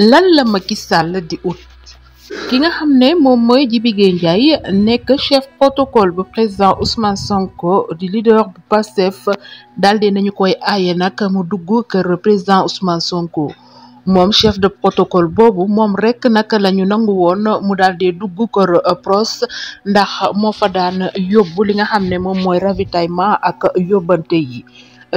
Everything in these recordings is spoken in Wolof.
lan la Macky Sall di ut ki nga xam ne moom mooy Djiby Gueye nekk chef protocole bu président Ousmane Sonko di leader bu Pastef daldi nañu koy aaye nag mu dugg kër président Ousmane Sonko moom chef de protocole boobu moom rek naka lañu ñu nangu woon mu daal dee dugg kër pros ndax moo fa daan yóbbu li nga xam ne moom mooy ravitaillement ak yóbbante yi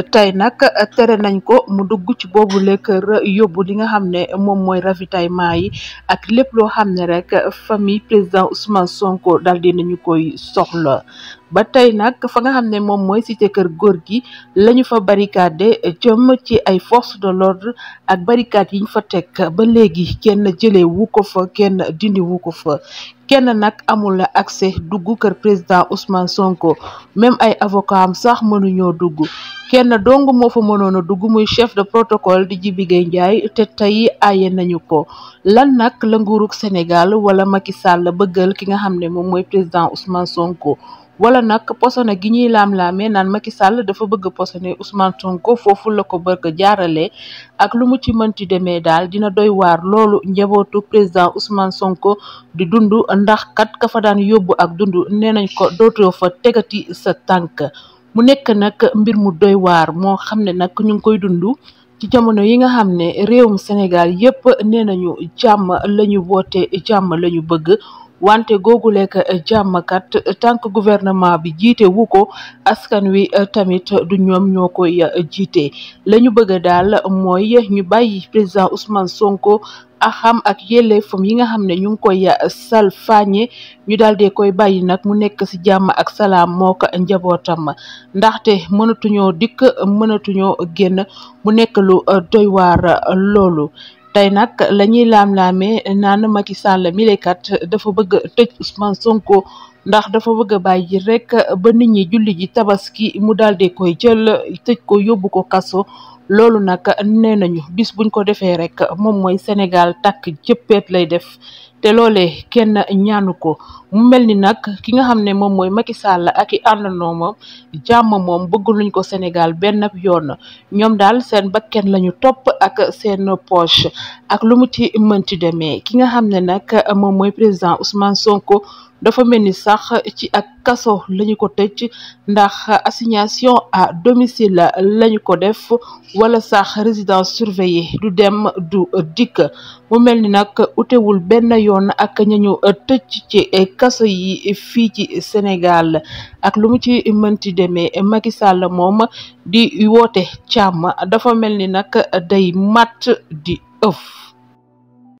tey nag tere nañ ko mu dugg ci boobu kër yóbbu li nga xam ne moom mooy ravitaillement yi ak lépp loo xam ne rek famille président Ousmane Sonko dal di nañu koy soxla ba tey nag fa nga xam ne moom mooy cité kër góor gi la ñu fa barricade jëm ci ay force de l'ordre ak barricade yi ñu fa teg ba léegi kenn jëlee wu ko fa kenn dindi wu ko fa kenn nag amul accès dugg kër président Ousmane Sonko même ay avocat am sax mënuñoo dugg kenn dong moo fa mënoon dugg muy chef de protocole di Jibi Gueye Ndiaye te tey aaye nañu ko lan nag la nguurug Sénégal wala Macky Sall bëggal ki nga xam ne moom mooy président Ousmane Sonko wala nag posone gi ñuy laam-laamee naan Macky Sall dafa bëgg posone Ousmane Sonko foofu la ko bëgg jaarale ak lu mu ci mënti demee daal dina doy waar loolu njabootu président Ousmane Sonko di dund ndax kat ka fa daan yóbbu ak dund nee nañ ko dootoo fa tegati sa tànk mu nekk nag mbir mu doy waar moo xam ne nag ñu ngi koy dundu ci jamono yi nga xam ne réewum Sénégal yépp nee nañu jàmm la ñu woote jàmm lañu bëgg wante googu lekk jàmmkat tant que gouvernement bi jiite wu ko askan wi eh, tamit du ñoom ñoo koy eh, jiite la ñu bëgg daal mooy ñu bàyyi président Ousmane Sonko axam ak yelleefam yi nga xam ne ñu ngi koy uh, salfaañe ñu daal di koy bàyyi nag mu nekk si jàmm ak salaam moo ko njabootam ndaxte mënatuñoo dikk mënatuñoo génn mu nekk lu uh, doy waar uh, loolu tey nag la ñuy laam-laamee naan Macky Sall milekat dafa bëgg tëj Ousmane Sonko ndax dafa bëgg a bàyyi rek ba nit ñi julli ji tabaski mu daal di koy jël tëj ko yóbbu ko kaso loolu nag nee nañu bis buñ ko defee rek moom mooy Sénégal takk jëppeet lay def te loole kenn ñaanu ko mu mel ni nag ki nga xam ne moom mooy Macky Sall ak i àndandoo moom jàmm moom bëgguluñ ko Sénégal benn yoon ñoom daal seen bakken lañu topp ak seen poche ak lu mu ci mënti demee ki nga xam ne nag moom mooy président Ousmane Sonko dafa mel ni sax ci ak kaso lañu ko tëj ndax assignation à domicile lañu ko def wala sax résidence surveillée du dem du dikk mu mel ni nag utewul benn yoon ak ñañu tëj ci kaso yi fii ci Sénégal ak lu mu ci mënti demee Macky Sall moom di woote càmm dafa mel ni nag day matt di ëf